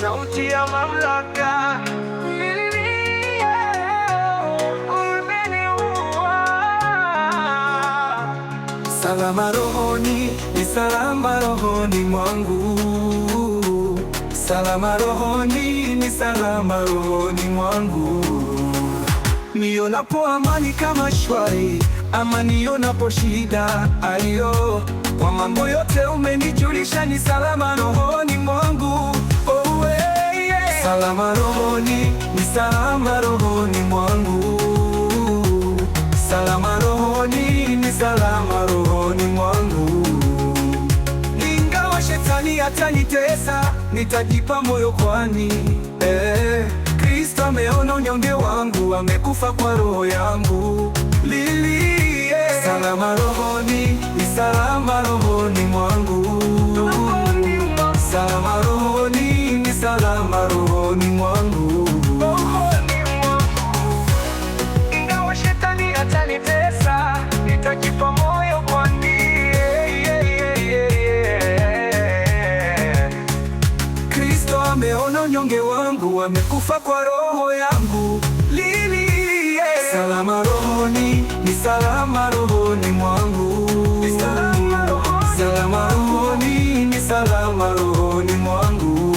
sauti ya mamlaka salama rohoni, ni salama rohoni mwangu, salama rohoni, ni salama rohoni mwangu. Nionapo amani kama shwari, ama nionapo shida, ayo, kwa mambo yote umenijulisha, ni salama rohoni salama rohoni mwangu, ingawa shetani atanitesa, nitajipa moyo kwani eh, Kristo ameona unyonge wangu, amekufa kwa roho yangu. Lili, yeah. Salama rohoni, ni salama wanyonge wangu wamekufa kwa roho yangu lili, yeah. Salama rohoni, ni salama rohoni mwangu, salama rohoni, ni salama rohoni mwangu.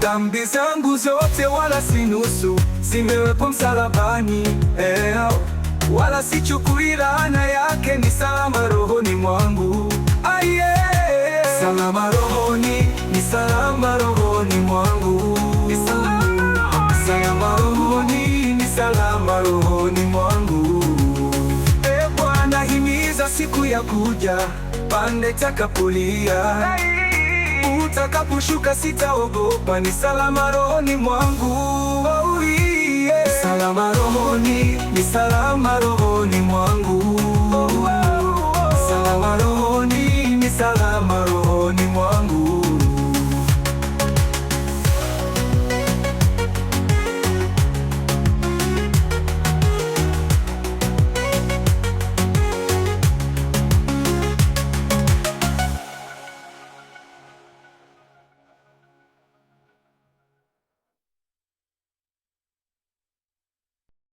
Dhambi zangu zote wala si nusu, zimewekwa msalabani eh, wala sichukui laana yake, ni salama rohoni mwangu, ah, Salama rohoni ya kuja pande takapolia, utakaposhuka sitaogopa, ni salama rohoni mwangu. Oh, yeah. Salama rohoni, ni salama rohoni mwangu